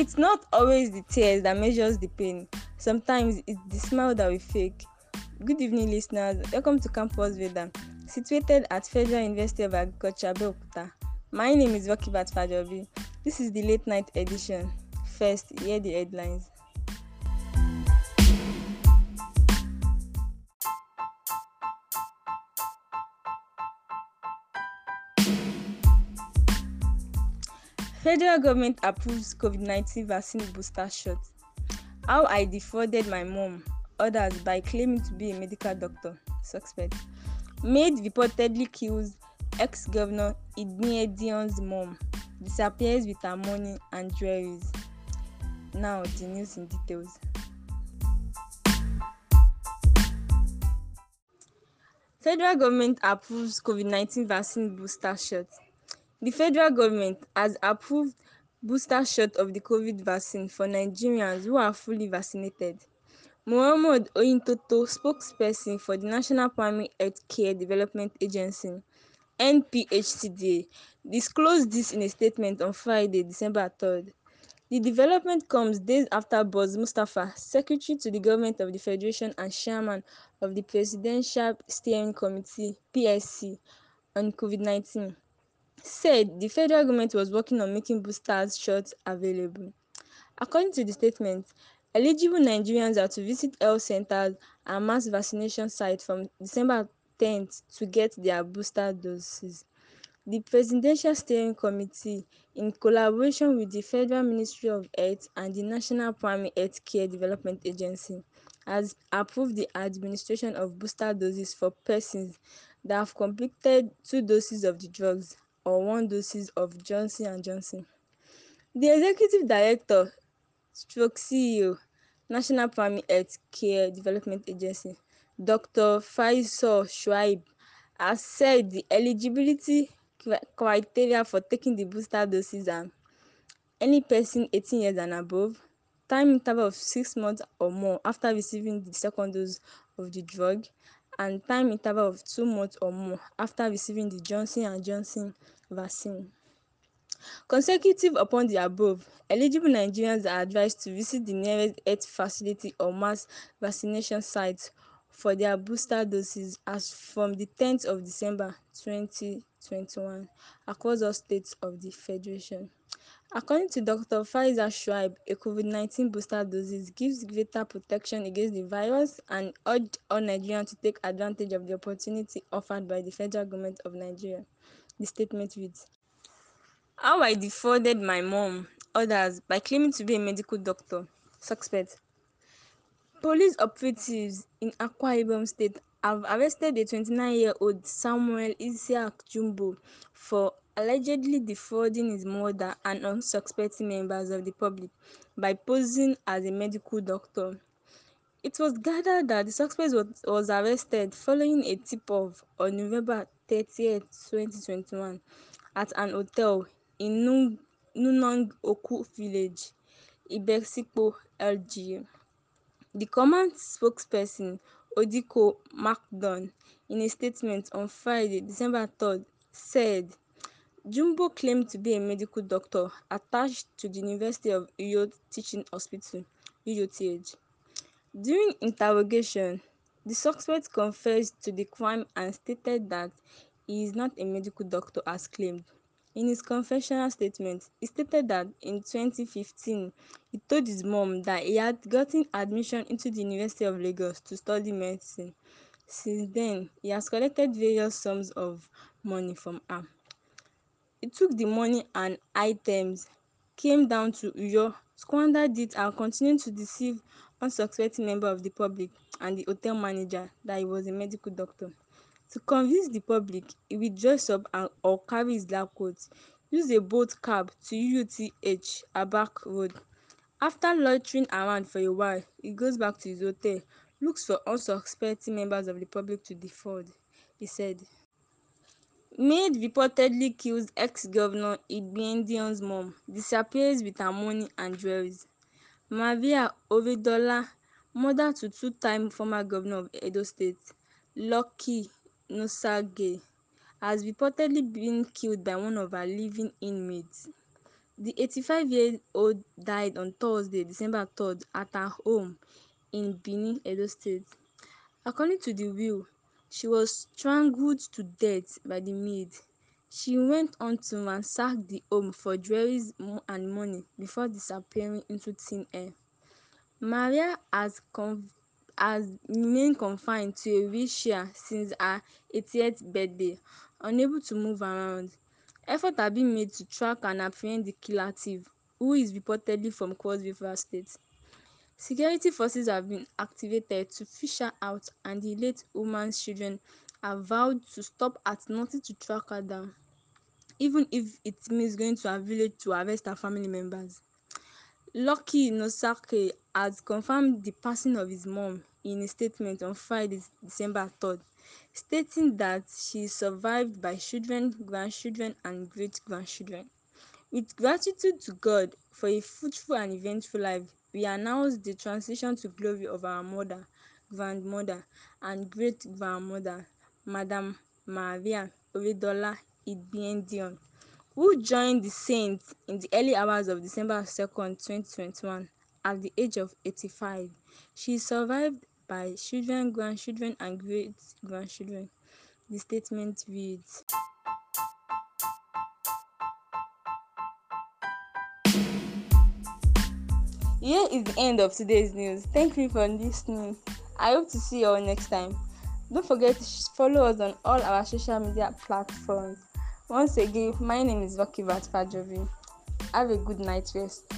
it's not always the tears that measures the pain. Sometimes it's the smile that we fake. Good evening, listeners. Welcome to Campus Veda, situated at Federal University of Agriculture, Beokuta. My name is Rokibat Fajobi. This is the late night edition. First, hear the headlines. Federal government approves COVID-19 vaccine booster shot. How I defrauded my mom, others by claiming to be a medical doctor, suspect. Maid reportedly kills ex-governor Idnie Dion's mom, disappears with her money and jewelry. Now the news in details. Federal government approves COVID-19 vaccine booster shot. The federal government has approved booster shot of the COVID vaccine for Nigerians who are fully vaccinated, Mohammed Oyintoto, spokesperson for the National Primary Health Care Development Agency (NPHCDA), disclosed this in a statement on Friday, December 3rd. The development comes days after Boz Mustafa, secretary to the government of the federation and chairman of the Presidential Steering Committee (PSC) on COVID-19, said the federal government was working on making boosters shots available. According to the statement, eligible Nigerians are to visit health centers and mass vaccination sites from December 10th to get their booster doses. The Presidential Steering Committee, in collaboration with the Federal Ministry of Health and the National Primary Health Care Development Agency, has approved the administration of booster doses for persons that have completed two doses of the drugs or one doses of Johnson and Johnson. The executive director stroke CEO, National Primary Health Care Development Agency, Dr. Faisal Shuaib, has said the eligibility criteria for taking the booster doses are any person 18 years and above, time interval of six months or more after receiving the second dose of the drug, and time interval of two months or more after receiving the Johnson and Johnson vaccine. Consecutive upon the above, eligible Nigerians are advised to visit the nearest health facility or mass vaccination site for their booster doses as from the 10th of December 20 2021 across all states of the federation. According to Dr. Pfizer Schreib, a COVID-19 booster dose gives greater protection against the virus and urged all Nigerians to take advantage of the opportunity offered by the federal government of Nigeria. The statement reads, How I defrauded my mom, others, by claiming to be a medical doctor. Suspect. Police operatives in Akwa Ibom State have arrested a 29-year-old Samuel Isaac Jumbo for allegedly defrauding his mother and unsuspecting members of the public by posing as a medical doctor. It was gathered that the suspect was, was arrested following a tip-off on November 30, 2021 at an hotel in Nung, Nunong Oku village, Ibexipo, LG. The command spokesperson Odiko McGahn, in a statement on Friday, December 3, said Jumbo claimed to be a medical doctor attached to the University of Uyo Teaching Hospital (UUTH). During interrogation, the suspect confessed to the crime and stated that he is not a medical doctor as claimed. In his confessional statement, he stated that in 2015 he told his mom that he had gotten admission into the University of Lagos to study medicine. Since then, he has collected various sums of money from her. He took the money and items, came down to Uyo, squandered it, and continued to deceive unsuspecting members of the public and the hotel manager that he was a medical doctor. to convince di public e will dress up and or carry his lab coat use a bolt cab to UUTH Abak road after loitering around for a while he goes back to his hotel looks for unsuspecting members of the public to defraud he said maid reportedly kills ex-governor Igbendion's mom disappears with her money and jewels. Maria Oredola mother to two-time former governor of Edo State Lucky Nsoge has reportedly been killed by one of her living inmates. The 85-year-old died on Thursday, December 3, at her home in Benin, Edo State. According to the will, she was strangled to death by the maid. She went on to ransack the home for jewelries and money before disappearing into thin air. Maria has conv has remained confined to a wheelchair since her 80th birthday, unable to move around. Efforts have been made to track and apprehend the killer-thief, who is reportedly from Cross River State. Security forces have been activated to fish her out and the late woman's children have vowed to stop at nothing to track her down, even if it means going to her village to arrest her family members. Lucky Noseke has confirmed the passing of his mom, in a statement on Friday, December 3rd, stating that she is survived by children, grandchildren, and great-grandchildren. With gratitude to God for a fruitful and eventful life, we announce the transition to glory of our mother, grandmother, and great-grandmother, Madam Maria Oredola Igbenedion, who joined the saints in the early hours of December 2nd, 2021, at the age of 85. She survived by children, grandchildren, and great grandchildren. The statement reads Here is the end of today's news. Thank you for listening. I hope to see you all next time. Don't forget to follow us on all our social media platforms. Once again, my name is Vaki Vatpajovi. Have a good night rest.